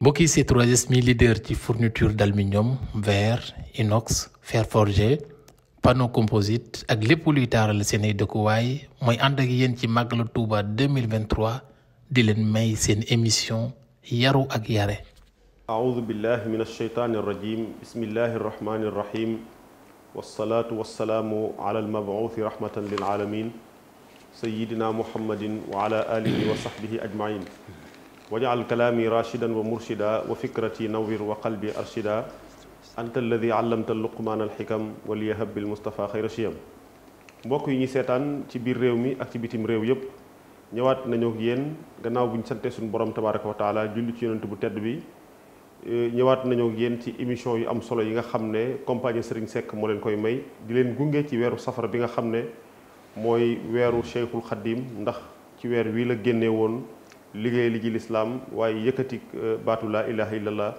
mbokki ci 3S mi leader ci fourniture d'aluminium verre inox fer forgé panneau composite ak lépp luy taaral seen ay dëkkuwaay mooy ànd ak yéen ci màggalu Touba 2023 di leen may seen émission yaru ak yare aoudu billahi min alsheytaani arrajim bismillahi arrahmani arrahim walsalaatu walsalaamu ala almabuuthi rahmatan lilaalamin sayidina alihi wa sahbihi ajmain wajal kalaami rashidan wa murshida wa fikrati nawwir wa qalbi arshida anta alladi allamta luqmaan alxikam wa liyahab bil mustafa xayra shiyam mbokk yi ñu seetaan ci biir réew mi ak ci bitim réew yépp ñëwaat nañu ak yéen gannaaw buñ ñu sante suñu borom tabaraka wa taala julli ci yonent bu tedd bi eh, ñëwaat nañu ak yéen ci émission yu am solo yi nga xam ne compagnie Serigne Seck moo leen koy may di leen gunge ci weeru safara bi nga xam ne mooy weeru Cheikhul Khadim ndax ci weer wii la génne woon liggéey li ci lislaam waaye yëkkati euh, baatu laa ilaha illallah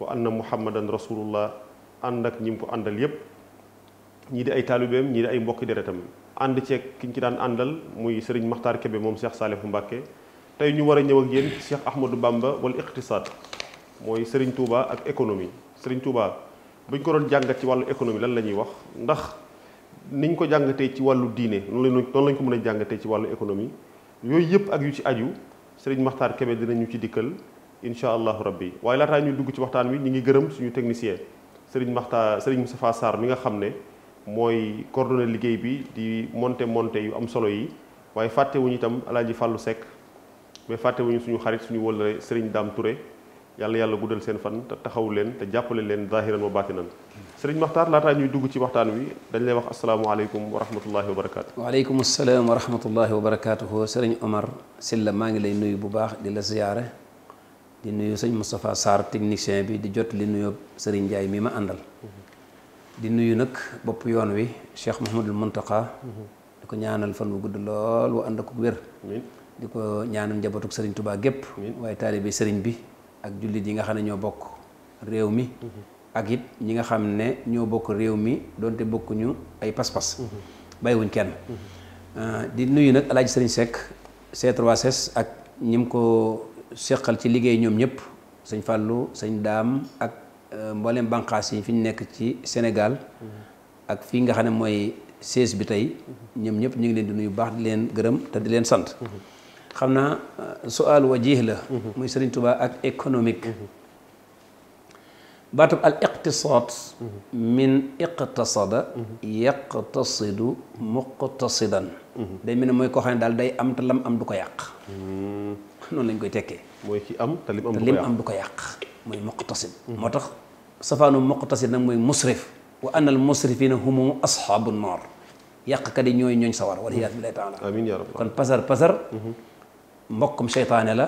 wa anna muhammadan rasulullah ànd ak ñi mu ko àndal yépp ñii de ay taalibeem ñii di ay mbokki deretam ànd ceeg ki ñu ci daan àndal muy sëriñ maxtaar kebe moom Cheikh Saalihu Mbàkke tey ñu war a ñëw ak yéen ci Cheikh Ahmadou Bamba wal iqtisaad mooy sëriñ Touba ak économie sëriñ Touba bu ñu ko doon jàngat ci wàllu économie lan la ñuy wax ndax niñ ko jàngatee ci wàllu diine noonu lañ noonu lañ ko mën a jàngatee ci wàllu économie yooyu yëpp ak yu ci aju sëriñ Maxtaar Kebe dinañu ci dikkal incha allahu rabbi waaye laataa ñuy dugg ci waxtaan wi ñu ngi gërëm suñu technicien sëriñ Maxtaar sëriñ Moustapha saar mi nga xam ne mooy coordonné liggéey bi di monte monte yu am solo yi waaye fàttewuñu itam alaaji Fàllu Seck mais fàttewuñu suñu xarit suñu wëllëre sëriñ Dame Touré yàlla yàlla guddal seen fan te taxawu leen te jàppale leen zahiran wa baatinan sëriñ Maxtaar laataa ñuy dugg ci waxtaan wi dañ lay wax asalaamualeykum wa rahmatullahi wa barakaatu. waaleykum salaam wa rahmatullahi wa barakaatuhu sëriñ Omar Silla maa ngi lay nuyu bu baax di la ziyaare di nuyu sëñ Moustapha Sarr technicien bi di jot li nuyoo sëriñ Ndiaye mi ma àndal. di nuyu nag bopp yoon wi Cheikh Mouhamadul Mountakha. di ko ñaanal fan wu gudd lool wu ànd ak wér. di ko ñaanal njabootuk sëriñ Touba gépp waaye taalibe sëriñ bi ak jullit yi nga xam ne ñoo bokk réew mi. ak it ñi nga xam ne ñoo bokk réew mi doonte bokkuñu ay pas-pas mhm. bàyyiwuñ kenn mhm. euh, di nuyu nag alaaji sëriñ Seck c 3 ak ñi mu ko seqal ci liggéey ñoom ñëpp sëñ Fallou sëñ Daam ak euh, mbooleem banqaas yi fi ñu nekk ci Sénégal mhm. ak fii nga xam ne mooy siège bi tey ñoom ñëpp ñu ngi leen di nuyu baax di leen gërëm te di leen sant xam naa euh, suaal wajih la muy sëriñ Touba ak économique baatab al iqtisaad min iqtasada yaqtasidu muqtasidan day mel ne mooy koo xam ne daal day am te lam am du ko yàq hmm. noonu lañ koy tekkee mooy ci am te lim am du ko yàq mooy muqtasid hmm. moo tax safaanu muqtasid nag mooy musrif wa anna al musrifina humu ashaabu naar yàqkat yi ñooy ñooñ sawar wala iyaas billahi taala kon pasar pasar hmm. mbokkum seytaane la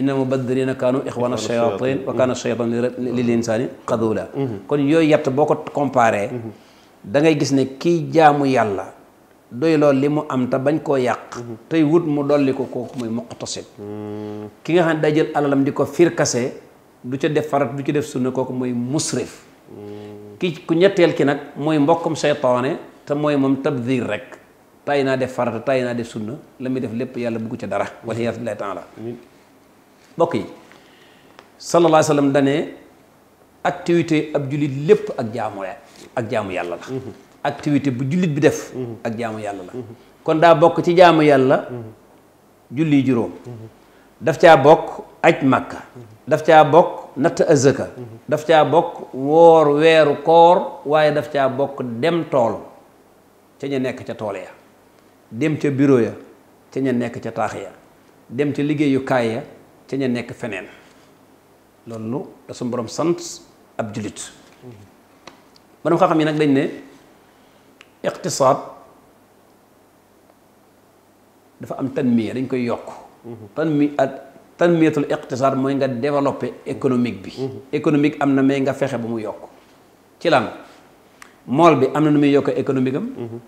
inna mubaddirina kaanu ixwana shayatin wa kaana shaytan lil insaani xadula kon yooyu yett boo ko comparé da ngay gis ne kii jaamu yàlla doy lool li mu am te bañ koo yàq tey wut mu dolli ko kooku mooy muqtasid ki nga xam ne day jël alalam di ko firkase du ca def farat du ca def sunna kooku muy musrif ki ku ñetteel ki nag mooy mbokkum seytaane te mooy moom tabdir rek tàyyi naa def farata tàyyi naa def sunna la muy def lépp yàlla bugg ci dara wala yàlla taala bokk yi sallallahu alayhi wa sallam dane activité ab jullit lépp ak jaamu ak jaamu yàlla la mhm. activité bu jullit bi def mhm. ak jaamu yàlla la mhm. kon daa bokk ci jaamu yàlla julli juróom daf caa bokk aj màkka daf caa bokk natt azaka daf caa bokk woor weeru koor waaye daf ca bokk dem tool ca ña nekk ca tool ya dem ca bureau ya ca ña nekk ca taax ya dem ca liggéeyukaay ya ca ña nekk feneen loolu da suñu sant ab julit borom xam-xam yi nag dañ ne iqtisaad dafa am tanmiya dañ koy yokk tanmi ak tanmiyatul iqtisaad mooy nga développer économique bi économique am na mais nga fexe ba mu yokk ci lan mool bi am na nu muy yokkee économique am mhm.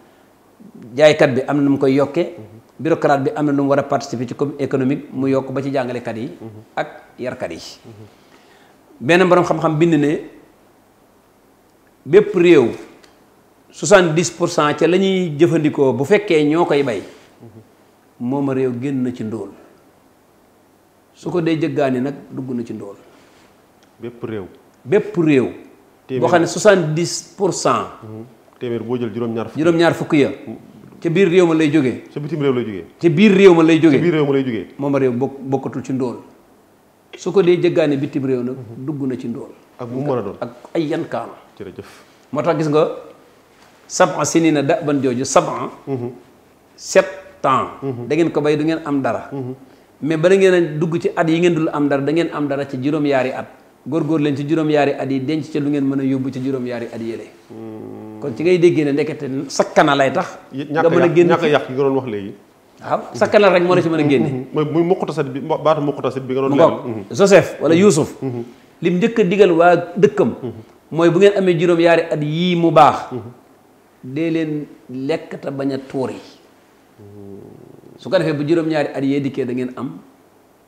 jaaykat bi am na mu koy yokkee bureaucrate bi am na nu mu war a participer ci com économique mu yokk ba ci jàngalekat yi ak yarkat yi benn boroom xam-xam bind ne bépp réew 70 pour cent ca la ñuy jëfandikoo bu fekkee ñoo koy bay moom a réew génn na ci ndool su ko dee jëggaani nag dugg na ci ndóol bépp réew bépp réew boo xam ne 70 pour cent téeméer boo jël juróom-ñaar fukk ya ca biir réew ma lay jógee. ca bitim réew lay biir réew ma lay jógee. ca biir réew ma lay jógee. moom réew bokk bokkatul ci ndóol su ko dee jëggaane bitim réew nag mhm. dugg na ci ndóol. ak bu mu mën ak ay yan kaana. jërëjëf moo tax gis nga saba sinina da ban jooju saba. Mhm. sept ans. Mhm. da ngeen ko bay du ngeen am dara. mais bala ngeen dugg ci at yi ngeen dul am dara da ngeen am dara ci juróom-yaari at góorgóor leen ci juróom-yaari at yi denc ca lu ngeen mën a yóbbu ci juróom-yaari at yële. Hmm. kon ci ngay déggee ne ndekete sakkanal lay tax. nga mën a génn ñàkk yàq gi nga doon wax léegi. waaw sakkanal rek moo la ci mën a génne. mooy mm-hmm. muy muqtasit bi baatu muqtasit bi nga doon leeral. Mm-hmm. Joseph wala mm-hmm. Youssouf. lim njëkk a digal waa dëkkam. mooy bu ngeen amee juróom-yaari at yii mu baax. dee leen lekk te bañ a yi su ko defee bu juróom-ñaari at yee dikkee da ngeen am.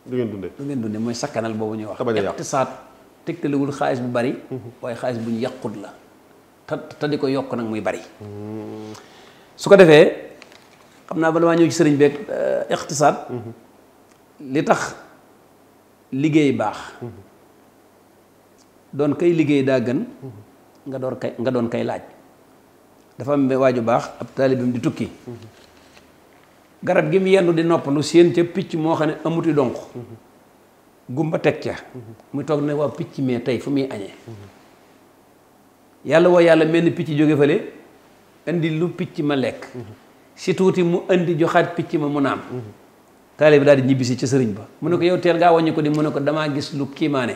du ngeen dundee du ngeen dundee mooy sakkanal boobu ñu wax. te bañ a yàq te saat tegtalewul xaalis bu bari. waaye xaalis bu te te di ko yokk nag muy bari. su ko defee xam naa bala maa ñëw ci sëriñ beeg eh, iqtisaad li tax liggéey baax doon kay liggéey daa gën nga doon kay nga doon kay laaj dafa am waaju baax ab taalibam di tukki garab gi mu yendu di noppalu séen ca picc moo xam ne amuti donk gumba teg ca mu toog ne waa picc mee tey fu muy añee yàlla woo yàlla mel ni picc jóge fële indi lu picc ma lekk si tuuti mu indi joxaat picc ma mu naam taalibe bi daal di ñibbisi ca sëriñ ba mu ne ko yow teel ngaa wàññi ko di mu ne ko damaa gis lu kiimaane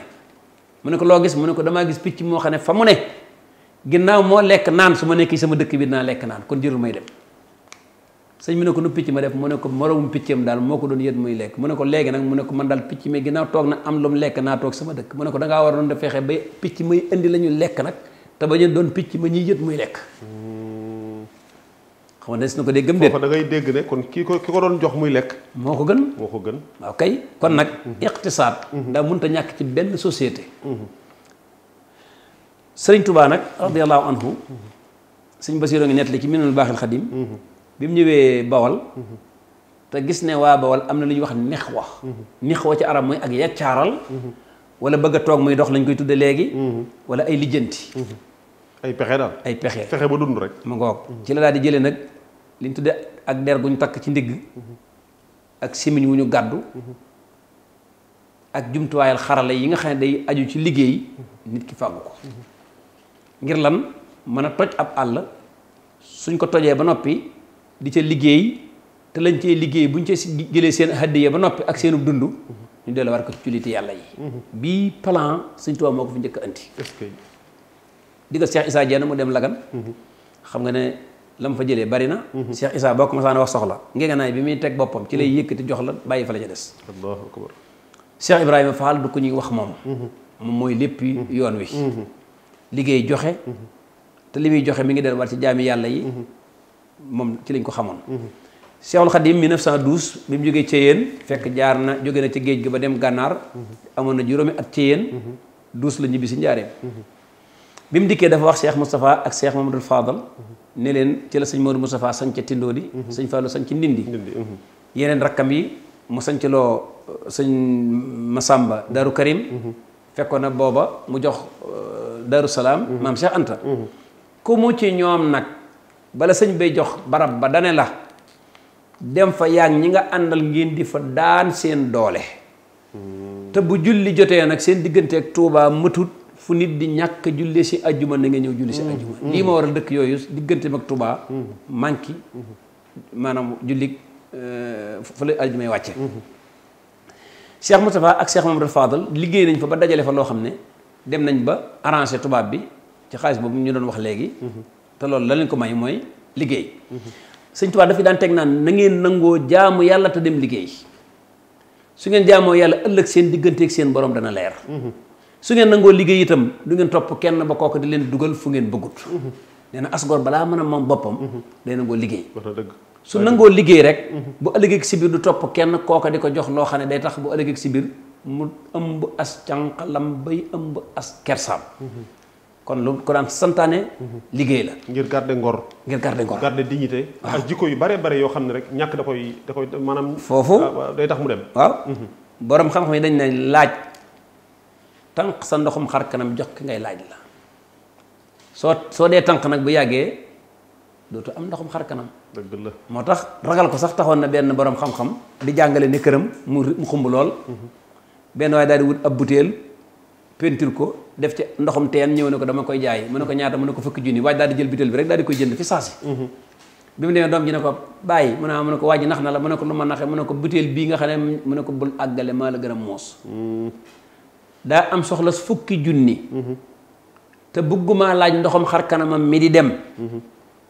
mu ne ko loo gis mu ne ko damaa gis picc moo xam ne fa mu ne ginnaaw moo lekk naan su ma nekkee sama dëkk bi dinaa lekk naan kon jërul may dem sëñ bi ne ko nu picc ma def mu ne ko moromu piccam daal moo ko doon yët muy lekk mu ne ko léegi nag mu ne ko man daal picc mi ginnaaw na am lu lekk naa sama dëkk mu ne ko dangaa waroon def ba picc muy indi la ñu lekk nag te bañ a doon picc ma ñuy yët muy lekk. Hmm. xam des na ko dee gëm de foofa da kon ki ko ki ko doon jox muy lekk. moo ko gën moo ko gën. waaw kay kon nag. Hmm. Hmm. iqtisaad. ndax mënut a ñàkk ci benn société. sëriñ Touba nag radiyallahu anhu sëñ Basiiroo ngi nettali ci minul baaxil xadim bi mu ñëwee Bawal. te gis ne waa Bawal am na lu ñuy wax nexwa. nexwa ci arab muy ak yaccaaral. wala bëgg toog muy dox lañ koy tudde léegi. wala ay lijjanti. ay pexe daal ay pexe pexe ba dund rek. mu ngoog ci la daal di jële nag li ñu ak der gu ñu takk ci ndigg ak simiñ wu ñu gàddu ak jumtuwaayal xarala yi nga xam ne day aju ci liggéey ki fàggu ko ngir lan mën a toj ab àll suñ ko tojee ba noppi di ca liggéey te lañ cee liggéey buñ ca jëlee seen hadiya ba noppi ak seenu dund ñu delloo war ko ci yàlla yi mhm. bii plan Sëñ Tuubaa moo ko fi njëkk a digal Cheikh Issa Diène mu dem Lagan mhm. xam nga ne lam fa jëlee bari na mhm. Cheikh Issa boo ko masaana wax soxla ngeeganaay bi muy teg boppam ci lay mhm. yëkkati jox la bàyyi fa la ca des Allahu akbar Cheikh Ibrahima du ko ñuy wax moom moom mooy lépp yoon wi liggéey joxe te li muy joxe mi ngi del war ci jaami yàlla yi moom ci lañ ko xamoon Cheikhul Khadim 1912 bi mu jógee ci yéen fekk jaar na jóge na ci géej gi ba dem gànnaar amoon na juróomi at ci yéen douze la ñibbi si njaareem bi mu dikkee dafa wax Cheikh Moustapha ak Cheikh Mamadou Fadal ne leen ci la sëñ Modou Moustapha sañ ca Tindoodi mhm. sëñ Fallou sañ ci Ndindi mhm. yeneen rakkam yi mu sañc loo uh, sëñ Masamba Daaru Karim mhm. fekkoon na booba mu jox uh, Daaru Salaam maam Cheikh Anta ku mu ci ñoom nag bala sañ bay jox barab ba dane la dem fa yaag ñi nga àndal ngeen di fa daan seen doole te julli jotee nag seen diggante ak Tuubaa mëtut fu nit di ñàkk julli si ajjuma na nga ñëw julli si mm. ajjuma mm. lii ma a dëkk yooyu diggante mag tubaa mm. manki mm-hmm. maanaam julli euh, fa la ajjumay wàcce mm-hmm. Cheikh Moustapha ak Cheikh Mamadou Fadal liggéey nañ fa ba dajale fa loo xam ne dem nañ ba arrangé tubaab bi ci xaalis boobu ñu doon wax léegi mm-hmm. te loolu la leen ko may mooy liggéey sëñ Tuubaa daf daan teg naan na ngeen nangoo jaamu yàlla te dem liggéey su ngeen jaamoo yàlla ëllëg seen digganteek seen boroom dana leer su ngeen nangoo liggéey itam du ngeen topp kenn ba kooku di leen dugal fu ngeen bëggut nee na asgoor balaa mën a moom boppam day nangoo liggéey su nangoo liggéey rek bu ëllëgeeg si biir du topp kenn kooka di ko jox loo xam ne day tax bu ëllëgeeg si biir mu ëmb as cànqalam bay ëmb as kersaam kon lu ko daan santaane liggéey la ngir garder ngor ngir garder ngor garder dignité ak jikko yu bare bare yoo xam ne rek ñàkk da koy da koy maanaam foofu ah, day tax mu dem waaw mhm. borom tànq sa ndoxum xar kanam jox ki ngay laaj la soo soo dee tanq nag bu yàggee dootu am ndoxum xar kanam. dëgg moo tax ragal ko sax taxoon na benn borom xam-xam. di jàngale ne këram mu mu xumb lool. Mm-hmm. benn waaye daal di wut ab butéel pentir ko def ci ndoxum teen ñëw ne ko dama koy jaay mu ne ko ñaata mu ne ko fukki junni waaye daal di jël butéel bi rek daal di koy jënd fi saasi. Mm-hmm. bi mu demee doom ji ne ko bàyyi mu ne ah mu ne ko waa ji nax na la mu ne ko lu ma naxee mu ne ko butéel ne mu ne ko bul àggale maa la a moos. Mm. daa am soxla fukki junni te bëgguma laaj ndoxam xar kanamam mi di dem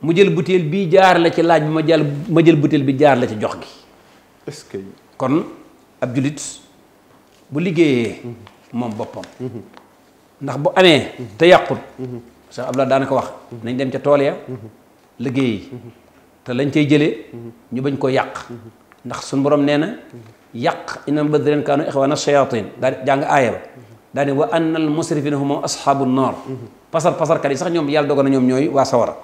mu jël butéel bii jaar la ci laaj bi ma jàll ma jël butéel bi jaar la ci jox gi que kon ab jullit bu liggéeyee moom boppam ndax bu amee te yàqut sax Abdoulaye daana ko wax nañ dem ca tool ya liggéey te lañ cay jëlee ñu bañ ko yàq ndax suñ borom nee na yàq inam badrin kaanu ixwaana shayatin daa jàng aaya ba daa ne wa anna al musrifina hum ashabu naar pasar pasarkat yi sax ñoom yàlla dogal na ñoom ñooy waa sawara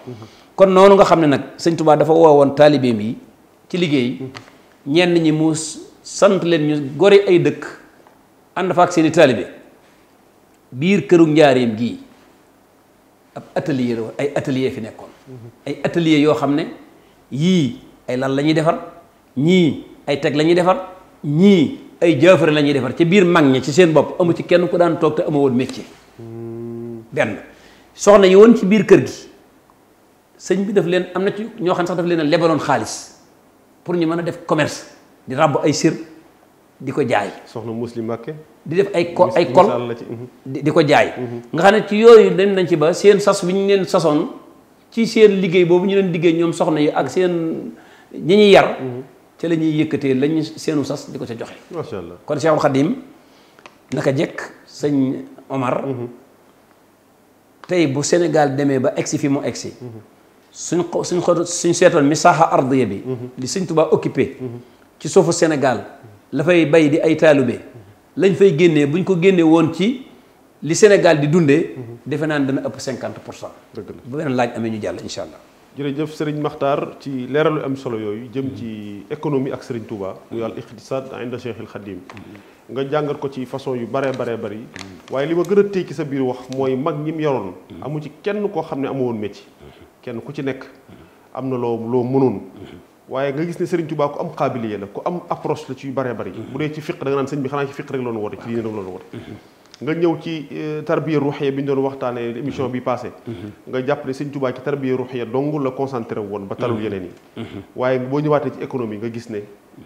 kon noonu nga xam ne nag sëñ Tuubaa dafa woowoon taalibeem yi ci liggéey ñenn ñi mu sant leen ñu gore ay dëkk ànd fa ak seeni taalibe biir këru njaareem gii ab atelier ay atelier fi nekkoon ay atelier yoo xam ne yii ay lal la ñuy defar ñii ay teg lañuy defar ñii ay jaafare lañuy ñuy defar ci biir mag ñi ci seen bopp amu ci kenn ku daan toog te amoo woon métier benn soxna yi woon ci biir kër gi sëñ bi daf leen am na ci ñoo xam sax daf leen lebaloon xaalis pour ñu mën a def commerce di ràbb ay sir di ko jaay. soxna muslim Mbakke di def ay ko ay kol mhm. di ko jaay. Mhm. nga xam ne ci yooyu dem nañ ci ba seen sas bi ñu leen sasoon ci seen liggéey boobu ñu leen liggéey ñoom soxna yi ak seen ñi ñuy yar. Mhm. ci la ñuy yëkkatee lañu seenu sas di ko ca joxe. macha allah kon Cheikhul Khadim naka jekk sëñ Omar. Mhm. tey bu Sénégal demee ba egsi fi mu egsi. suñ xo suñ xo mi seetoon misaaxa ardiya bi. li mhm. sëñ Tuubaa occupé. Mhm. ci suufu Sénégal la fay bay di ay taalube. lañ fay génnee bu buñ ko génnee woon ci li Sénégal di dundee. defe naa ne dana ëpp cinquante pour cent. bu beneen laaj amee ñu jàll incha allah. jërëjëf Serigne Makhtar ci leeralu am solo yooyu jëm ci économie ak sëriñ Touba muy al iqtisad inda Cheikh il nga jàngat ko ci façon yu baree baree bëri waaye li ma gën a téye ci sa biir wax mooy mag ñi mu yoroon amu ci kenn koo xam ne amu woon métier kenn ku ci nekk am na loo loo mënoon waaye nga gis ne Serigne Touba ku am xaabiliyé la ku am approche la ci yu baree bëri bu dee ci fiq da naan sëñ bi xanaa ci fiq rek loonu woote ci diine dam loonu woote nga ñëw ci euh, tarbiya ruuxiya bi ñu doon waxtaanee émission bi passé mm-hmm. nga jàpp ne sëñ Tuubaa ci tarbiya ruuxiya dong la concentré woon ba talul mm-hmm. yeneen yi mm-hmm. waaye boo ñëwaatee ci économie nga gis ne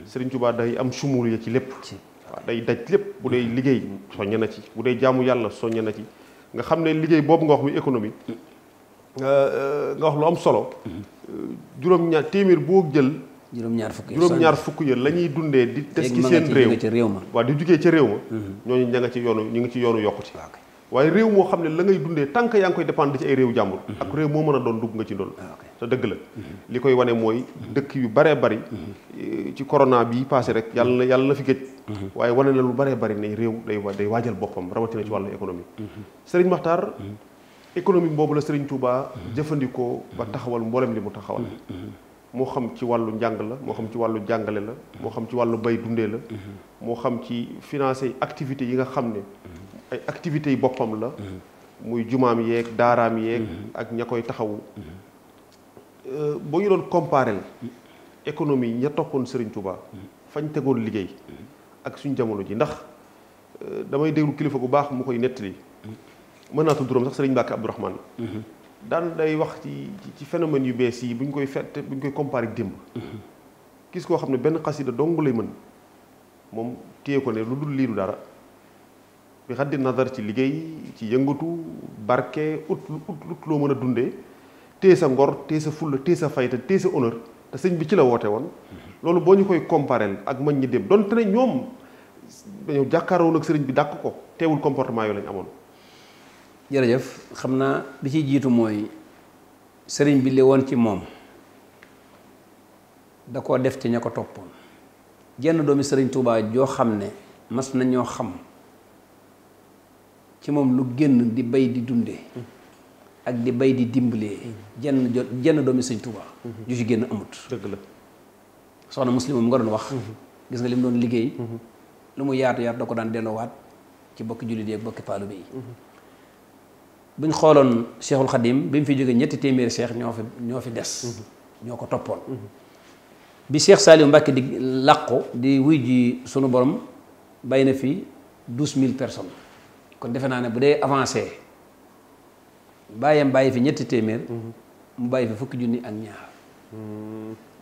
sëriñ Tuubaa day am sumul ya ci lépp waaw day daj lépp bu dee liggéey soññe na ci bu dee jàmm yàlla soññe na ci nga xam ne liggéey boobu nga wax muy économie euh, nga wax lu am solo euh, juróom ñaar téeméer boo jël juróom-ñaar fukk yi juróom-ñaar fukk ya la ñuy dundee di des ci seen réew ma waaw di jugee ca réew ma mhm. ñooñu ña nga ci yoonu ñu ngi ci yoonu yokkute ah, waaye réew moo xam ne la ngay dundee tànk yaa ngi koy dépendre ci ay réew jàmbur mhm. ak réew moo mën a doon dugg nga ci ndool ah, te dëgg la mhm. li koy wane mooy dëkk yu baree bari ci corona bi passé rek yàlla na yàlla na fi géej waaye wane na lu baree bari ne réew day day waajal boppam rawatina ci wàllu économie Serigne Makhtar économie boobu la Serigne Touba jëfandikoo ba taxawal mboolem li mu taxawal moo xam ci wàllu njàng la moo xam ci wàllu jàngale la moo xam ci wàllu bay dundee la moo xam ci finance activités yi nga xam ne ay activités yi boppam la muy jumaam yéeg daaraam yéeg ak ña koy taxawu boo ñu doon comparel économie yi ña toppoon Serigne Touba fañ tegoon liggéey ak suñ jamono ji ndax damay déglu kilifa bu baax mu koy nettali mën naa tudd turam sax Serigne Mbacke Abdourahmane daan day wax ci ci phénomène yu bees yi bu ñu koy fett bu ñu koy comparé démb gis koo xam ne benn xasida dong lay mën moom téye ko ne lu dul lii du dara bi xaddi nazar ci liggéey ci yëngatu barke ut loo mën a dundee téye sa ngor téye sa fulla téye sa fayta téye sa honneur te sëñ bi ci la woote woon loolu boo ñu koy comparé ak mañ ñi dem donte ne ñoom dañoo jàkkaaroon ak sëriñ bi dàq ko teewul comportement yooyu lañ amoon jërëjëf xam naa bi ci jiitu mooy sëriñ bi li woon ci moom da koo def ci ña ko toppoon jenn doomi sëriñ Touba joo xam ne mas na ñoo xam ci moom lu génn di bay di dunde ak di bay di dimbalee jenn jo jenn doomi sëriñ Touba ju ci génn amut dëgg la soxna muslim mu nga doon wax mhm. gis nga li mu doon liggéey mhm. lu mu yaatu yaatu da ko daan delloowaat ci bokki jullit yi ak bokki paalu bi bu ñu xooloon Cheikhul Khadim bi mu fi jógee ñetti téeméeri cheikh ñoo fi ñoo fi des. Mhm. ñoo ko toppoon. Mhm. bi Cheikh Saliou Mbacké di làqu di wuy ji sunu borom bàyyi na fi douze mille personnes kon defe naa ne bu dee avancé bàyyam bàyyi fi ñetti téeméer. Mhm. mu bàyyi fi fukki junni ak ñaar.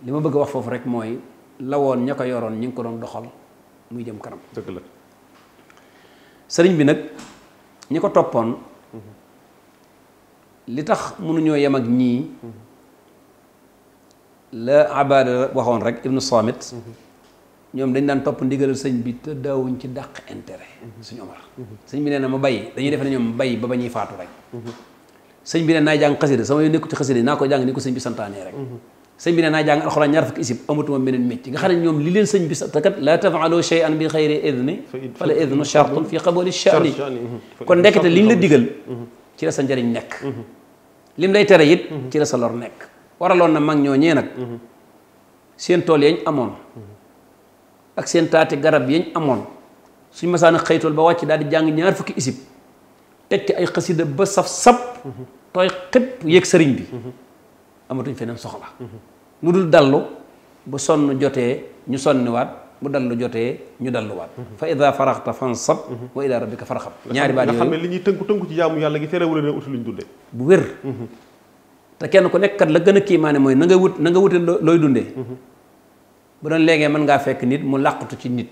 li ma bëgg a wax foofu rek mooy lawoon ña ko yoroon ñu ngi ko doon doxal muy jëm kanam. sëriñ bi nag ñi ko toppoon. li tax mënuñoo yem ak ñii la abada waxoon rek ibnu Samit ñoom dañ daan topp ndigalal sëñ bi te daawuñ ci dàq intérêt suñu omar sëñ bi nee na ma bay dañuy defe na ñoom bay ba ba ñuy faatu rek sëñ bi ne naay jàng xasida sama yoon ci xasida naa ko jàng ni ko sëñ bi santaanee rek sëñ bi ne naa jàng alxuraan ñaar fukki isib amatuma meneen mécc nga xam ne ñoom li leen sëñ bi te kat laa tafaalu shay'an bi xayri idni fala la digal ci sa njëriñ nekk lim lay tere it mhm. ci la sa lor nekk waraloon na mag ñoo ñooñee nag mhm. seen tool yañ amoon mhm. ak seen taati garab yañ amoon suñ masaan a xëytool ba wàcc daal di jàng ñaar fukki isib teg ci ay xasida ba saf-sap tooy xëpp yéeg sëriñ bi amatuñ feneen soxla lu dul dallu bu sonn jotee ñu sonniwaat bu dallu jotee ñu dalluwaat fa ida faraxta fansab wa ila rabbika farxab ñaari baat yooyu nga xam ne li ñuy tënku tënku ci jaamu yàlla gi terewul ne uti luñ dundee bu wér te kenn ku nekk kat la gën a kiimaane mooy na nga wut na nga wute looy dundee bu doon léegi mën ngaa fekk nit mu làqatu ci nit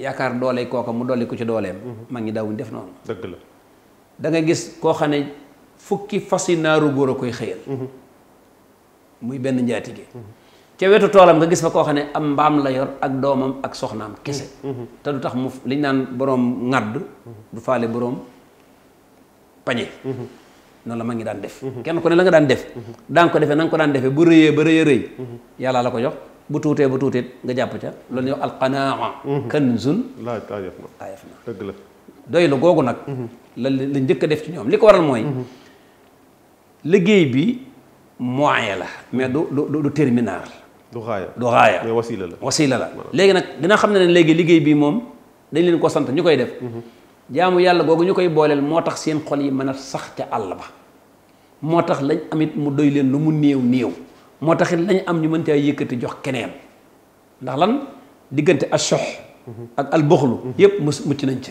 yaakaar doole kooka mu dolli ko ci dooleem mag ñi daawuñ def noonu dëgg la da gis koo xam ne fukki yi naaru góor a koy xëyal mhm. muy benn njaatige ca wetu toolam nga gis fa koo xam ne am mbaam la yor ak doomam ak soxnaam kese mm-hmm. Mm-hmm. te du tax mu liñ naan boroom ŋàdd du faale boroom pañe mm-hmm. noonu la ma ngi daan def kenn ku ne la nga daan def daan ko defee na ko daan defee bu rëyee ba rëy a rëy yàlla la ko jox bu tuutee bu tuutee nga jàpp ca loolu ñuy wax alqanaa kanzun laa taayaf la doy lu googu nag la la njëkk a def ci ñoom li ko waral mooy liggéey bi moyen la mais du du du terminal du xaaya du xaaya mais wasiila la wasiila la léegi nag dina xam ne ne léegi liggéey bi moom dañ leen ko sant ñu koy def mhm. jaamu yàlla googu ñu koy booleel moo tax seen xol yi mën a sax ca àll ba moo tax lañ amit mu doy leen lu mu néew néew moo tax it lañ am ñu mën caa yëkkati jox keneen ndax lan diggante ashox mhm. ak alboxlu mhm. yépp mu mucc nañ ci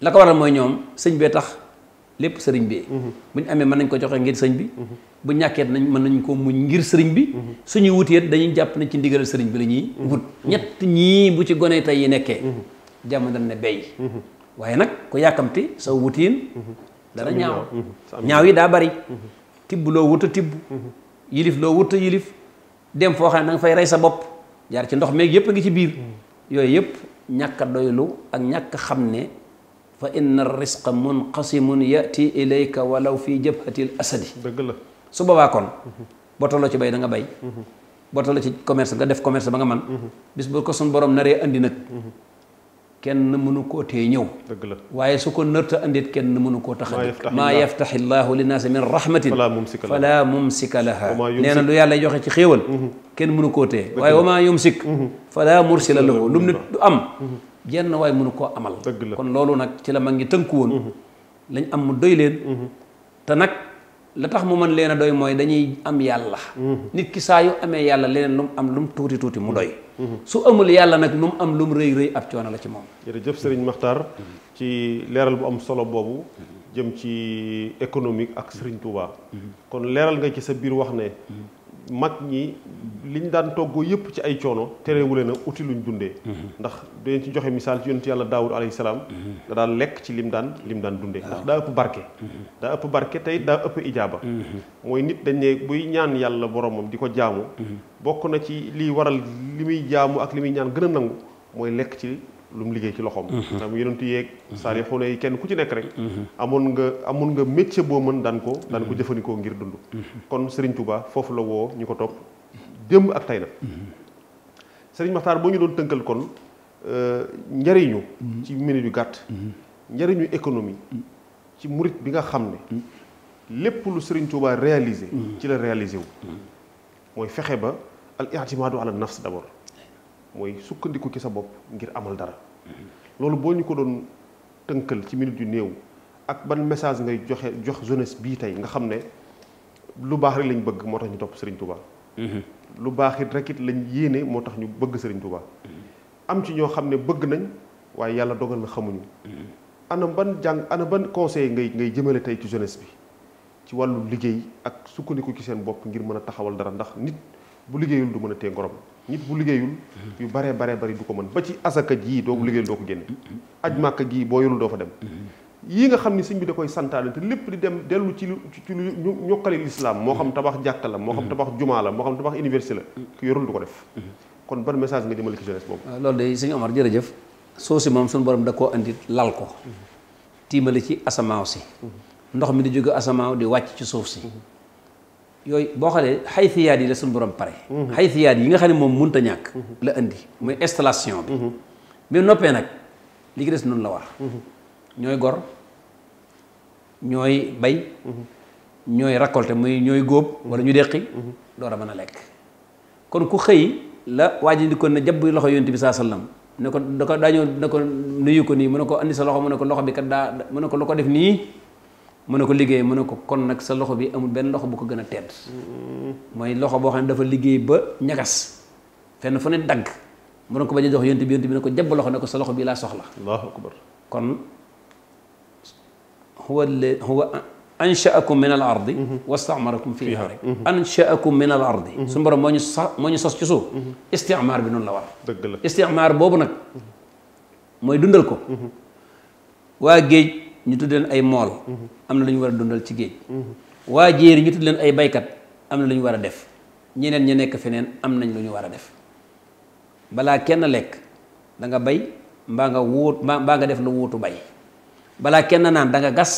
la ko waral mooy ñoom sëñ bee tax lépp sëriñ bi mhm. bu ñu amee mën nañ ko joxe ngir sëriñ bi mhm. bu ñàkkee nañ mën nañ ko muñ ngir sëriñ bi mhm. suñuy wuteet dañuy jàpp ne ci ndigalal sëriñ bi la ñuy wut ñett ñii bu ci gone tey yi nekkee jàmm dañ ne béy waaye nag ku yàkkamti sa wutiin dana ñaaw ñaaw yi daa bari tibb loo wuta tibb yilif loo wuta yilif dem foo xam ne da nga fay rey sa bopp jaar ci ndox meeg yëpp a ngi ci biir yooyu yëpp ñàkk a doylu ak ñàkk xam ne fa inna risqa munqasimun yati ilayka walaw fi jabhatil asadi dëgg la su boobaa kon boo tolloo ci bay da nga bay boo tolloo ci commerce nga def commerce ba nga man bis bu ko sun borom naree andi kenn mënu koo tee ñëw la waaye su ko nërta andit kenn mënu koo tax a maa yaftaxi llaahu linnaasi min rahmatin la mumsika laha nee na lu yàlla joxe ci xéewal mhm. kenn mënu koo tee waaye wa maa yumsik mhm. falaa mursila lahu lu mu am mhm. jenn waaye mënu koo amal. kon loolu nag ci la mag ñi tënku woon. Mhm. lañ am mu doy leen. Mhm. te nag la tax mu mën leen a doy mooy dañuy am yàlla. Mhm. nit ki saa yu amee yàlla leneen lu mu am lu mu tuuti tuuti mu doy. su amul yàlla nag lu mu am lu mu rëy rëy ab coono la ci moom. jërëjëf Serigne Makhtar ci leeral bu am solo boobu. jëm ci économique ak Serigne Touba. kon leeral nga ci sa biir wax ne. mag ñi liñ daan toggoo yëpp ci ay coono terewule na uti luñ dundee. Mhm. ndax dañ ci joxe misaal ci yonent yàlla daawud alayhi salaam. Mhm. da lekk ci lim daan lim daan dundee. ndax ah. daa ëpp barke. Mhm. daa ëpp barke tey daa ëpp ijaaba. mooy nit dañ ne buy ñaan yàlla boromam di ko jaamu. bokk na ci liy waral li muy jaamu ak li muy ñaan gën a nangu mooy lekk ci. lu mu liggéey ci loxoom. tam mhm. yonent yeeg mhm. saalixuuna yi kenn ku ci nekk rek. Mhm. amoon nga amoon nga métier boo mën daan ko daan ko jëfandikoo ngir dund. kon Serigne Touba foofu la woo ñu ko topp démb ak tey na. Serigne Maxtaar boo ñu doon tënkal kon euh, njariñu. ci minute yu gàtt. njariñu économie. ci murit bi nga xam ne. lépp lu Serigne Touba réalisé. ci la réalisé wu. mooy fexe ba al i'timaadu ala nafs d'abord. mooy sukkandiku ci sa bopp ngir amal dara mm-hmm. loolu boo ñu ko doon tënkal ci minute yu néew ak ban message ngay joxe jox jeunesse bii tey nga xam ne lu baax rek lañ bëgg moo ñu topp Serigne Touba. Mm-hmm. lu baax it rek it lañ yéene moo tax ñu bëgg Serigne Touba. Mm-hmm. am ci ñoo xam ne bëgg nañ waaye yàlla dogal na xamuñu. ana ban jàng ana ban conseil ngay ngay jëmale tey ci jeunesse bi ci wàllu liggéey ak sukkandiku ci seen bopp ngir mën a taxawal dara ndax nit bu liggéeyul du mën a tee ngorom. nit bu liggéeyul yu baree baree bari du ko mën ba ci asaka jii doo liggéeyul doo ko génne aj màkk gii boo yorul doo fa dem yi nga xam ni sëñ bi da koy santaane te lépp di dem dellu ci ci lu ñokkali lislaam moo xam tabax jàkka la moo xam tabax jumaa la moo xam tabax université la ku yorul du ko def kon ban message nga jëmale ci jeunesse boobu ah, loolu day sëñ Omar jëf soo si moom suñu borom da koo andi lal ko tiimale ci asamaaw si ndox mi di jóge asamaaw di wàcc ci suuf si yooyu boo xoolee xaysiyaat yi la suñu borom pare. xaysiyaat mhm. yi nga xam ne moom mënut ta ñàkk. Mhm. la indi muy installation bi. bi mhm. noppee nag li des noonu la war. ñooy gor ñooy bay. ñooy récolter muy ñooy góob. wala ñu deqi. door a lekk. kon ku xëy la waa ji di ko ne jàpp loxo yonent bi ne ko da ko daa ñëw ne ko nuyu nii mu ne ko andi sa loxo mu ne ko loxo bi kat daa mu ne ko lu ko def nii. mu ne ko liggéey mu ne ko kon nag sa loxo bi amul benn loxo bu ko gën a tedd mooy loxo boo xam ne dafa liggéey ba ñagas fenn fu ne dagg mu ne ko bañ a jox yonent bi yonent bi ne ko jàpp loxo ne ko sa loxo bi laa soxla allahu akbar kon huwa le huwa anshaakum min al ardi mm-hmm. wastaamarakum fiha mm-hmm. min al ardi mm-hmm. suñu borom moo ñu sa sos ci istimaar bi noonu la war istimaar boobu nag mooy dundal ko waa géej ñu tudd leen ay mool mm-hmm. am na lu ñu war a dundal ci géej mm-hmm. waa jéeri ñu tudd leen ay baykat am na lu ñu war a def ñeneen ñu nekk feneen am nañ lu ñu war a def balaa kenn lekk danga bay mbaa nga wóot mbaa nga def lu wuutu bay balaa kenn naan da gas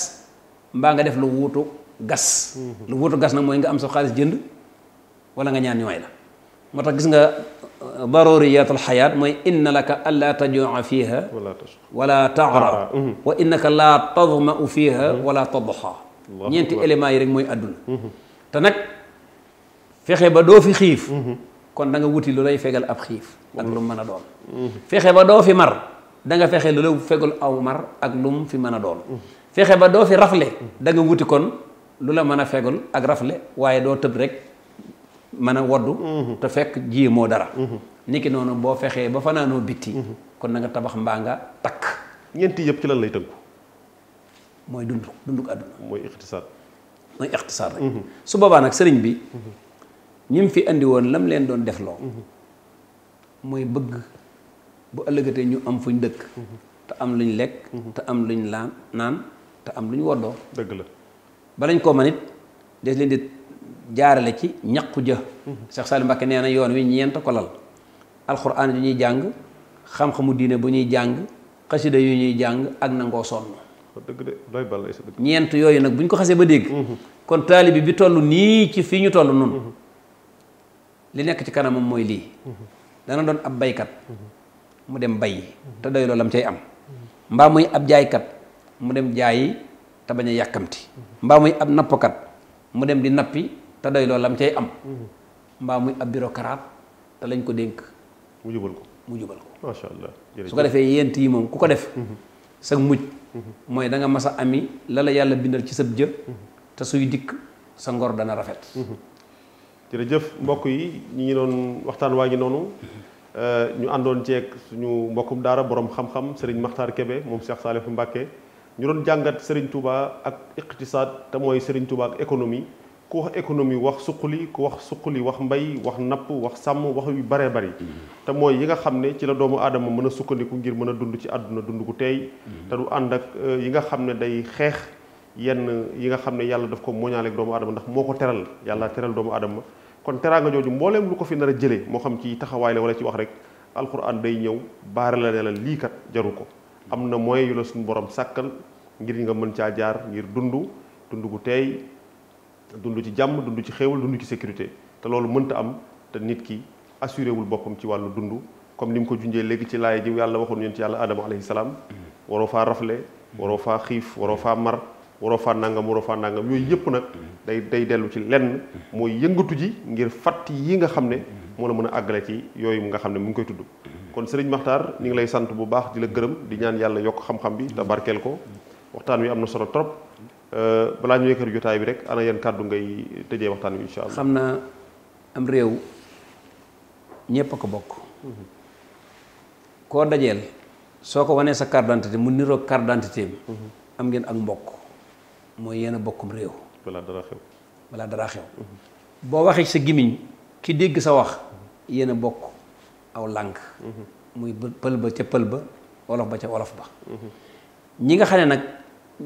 mbaa nga def lu wuutu gas mm-hmm. lu wutu gas na mooy nga am sa xaalis jënd wala nga ñaan ñu may la moo tax gis nga euh, daruriyatul xayaat mooy inna laka allaa tajuuca fiiha wala taxra ah, ah, mhm. wa innaka laa tadmau fiiha mhm. wala tadxa ñeenti yi rek mooy àdduna mhm. te nag ba doo fi xiif kon da wuti lu lay fegal ab xiif ak mën a doon ba doo fi mar da nga fexe lu lay aw mar ak lum fi mën a doon wuti kon lu la mën a fegal ak rafle waaye doo tëb rek mën a woddu mhm. te fekk ji moo dara mhm. niki noonu boo fexee ba fanaanoo bitti mhm. kon na nga tabax mbaa nga takk ñeenti yëpp ci lan lay tënku mooy dund dunduk àdduna mooy iqtisaad mooy iqtisaad rek su boobaa nag sëriñ bi ñi mu fi andi woon lam leen doon defloo mooy bëgg bu ëllëgatee ñu am fuñ dëkk te am luñ lekk te am luñ laan naan te am luñ woddoo dëgg la balañ koo man it leen di jaarale ci ñaqu jë Cheikh Salim Mbacké nee na yoon wi ñeent ko lal alxuraan yu ñuy jàng xam-xamu diine bu ñuy jàng xasida yu ñuy jàng ak nangoo sonn dëgg de ñeent yooyu nag bu ñu ko xasee ba dégg mhm. kon taalibi bi toll nii ci fii ñu toll nun mhm. li nekk ci kanamam mooy lii mhm. dana doon ab baykat mu dem bayi te doy loolam cay am mbaa muy ab jaaykat mu dem jaayi te bañ a yàkkamti mbaa muy ab nappkat mu dem di nappi te doy loolu lam cay am mhm. mbaa muñ ab bureaucrate te lañ ko dénk mu jubal ko mu jubal ko macha allah su ko defee yent yi moom ku ko def mhm. sag mujj mhm. mooy da nga mas a ami la yàlla bindal ci sab jë te suy dikk sa ngor dana rafet jërëjëf mbokk yi ñu ngi doon waxtaan waa ngi noonu euh, ñu àndoon ceeg suñu mbokkum daara borom xam-xam Serigne Makhtar Kébé moom Cheikh Salifou Mbacké ñu doon jàngat Serigne Touba ak iqtisaad te mooy Serigne Touba ak économie ku wax économie wax suqali ku wax suqali wax mbay wax napp wax sàmm wax yu baree bari mm-hmm. te mooy yi nga xam ne ci la doomu aadama mën a sukkandiku ngir mën a dund ci àdduna dund gu teey mm-hmm. te du ànd ak euh, yi nga xam ne day xeex yenn yi nga xam ne yàlla daf ko moñaaleeg doomu adama ndax moo ko teral yàlla teral doomu aadama kon teraanga jooju mbooleem lu ko fi nar a jëlee moo xam ci taxawaay la wala ci wax rek alxuraan day ñëw baare la ne lii kat jaru ko am na moyen yu suñu borom sàkkal ngir nga mën caa jaar ngir dund dund ci jàmm dund ci xéewal dund ci sécurité te loolu mënta am te nit ki assuré wul boppam ci wàllu dund comme ni mu ko junjee léegi ci laay ji yàlla waxoon yonent yàlla aadama alayhi salaam mm-hmm. waroo faa rafle waroo faa xiif waroo faa mar waroo faa nangam waroo faa nangam yooyu yëpp nag mm-hmm. day day dellu ci lenn mm-hmm. mooy yëngatu ji ngir fatt yi nga xam ne moo la mën a àggale ci yooyu nga xam ne mu ngi koy tudd kon sëriñ Maxtaar ñu ngi lay sant bu baax di la gërëm di ñaan yàlla yokk xam bi te barkeel ko waxtaan wi am na solo trop Euh, balaa ñu yëkkati jotaay bi rek ana yan kàddu ngay tëjee waxtaan wi incha allah. xam naa am réew ñëpp a ko bokk. Mhm. koo dajeel soo ko wanee sa carte d'identité mu niroog carte d'identité am mhm. ngeen ak mbokk mooy yéen a bokkum réew. balaa dara xew dara xew. Mhm. boo waxee sa gimiñ ki dégg sa wax yéen a bokk aw làng. muy pël ba ca pël ba wolof ba ca wolof ba. ñi nga xam ne nag.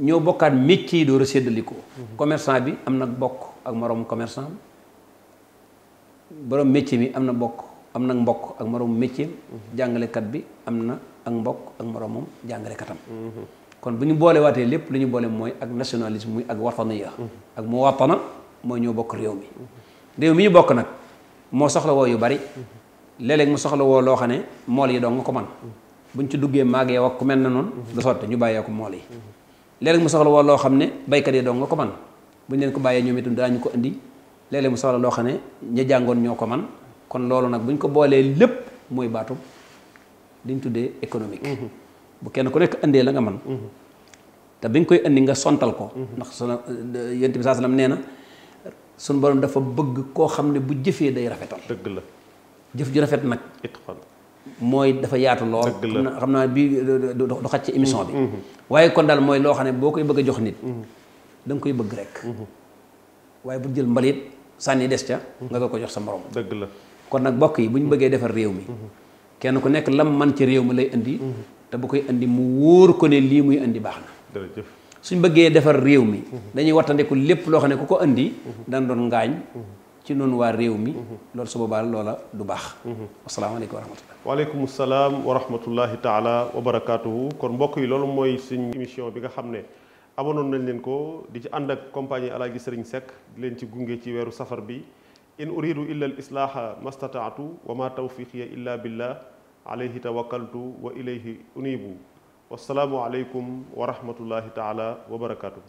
ñoo bokkaat métier yi door séddalikoo commerçant bi am na bokk ak moroom commerçant borom métier bi am na bokk am na mbokk ak moroom métier jàngalekat bi am na ak mbokk ak moroom jàngalekatam kon bu ñu boole waatee lépp lu ñu boole mooy ak nationalisme muy ak wataniya ak mu na mooy ñoo bokk réew mi réew mi ñu bokk nag moo soxla woo yu bari léeg mu soxla woo loo xam ne mool yi doo nga ko man buñ ci duggee maagee wax ku mel na noonu da ñu bàyyee ko mool yi léeg mu soxla woo loo xam ne baykat yi dong nga ko man bu buñ leen ko bàyyee ñoom itam daañu ko indi léeg mu soxla loo xam ne ña jàngoon ñoo ko man kon loolu nag bu ñu ko boolee lépp mooy baatu liñ tuddee économique mhm. bu kenn ku nekk indee la nga man mhm. te bi nga koy indi nga sontal ko ndax sunu yonent bi saa nee na suñu borom dafa bëgg koo xam ne bu jëfee day rafetal dëgg la jëf ju rafet nag mooy dafa yaatu lool xam naa bii du xaj ci émission bi mm-hmm. waaye kon daal mooy loo xam ne boo koy bëgg jox nit mm-hmm. da nga koy bëgg rek mm-hmm. waaye bu jël mbalit sànni des ca nga ko ko jox sa morom dëgg la kon nag bokk yi bu ñu bëggee defar réew mi kenn ku nekk lam man ci réew mi lay indi te bu koy indi mu wóor ko ne lii muy indi baax na suñ bëggee defar réew mi dañuy wattandiku lépp loo xam ne ku ko indi dana doon ngaañ ci noonu waa réew mi loolu su boobaa loola du baax mhm. asalaamaaleykum wa rahmatullah salaam wa rahmatullahi taala wa barakaatuhu kon mbokk yi loolu mooy suñ émission bi nga xam ne amoon nañ leen ko di ci ànd ak compagnie Alaaji Sëriñ Seck di leen ci gunge ci weeru safar bi in uridu illa al islaaha mastataatu wa ma tawfiqiya illa billah alayhi tawakkaltu wa ilayhi unibu wassalaamu aleykum wa rahmatullahi taala wa barakaatuhu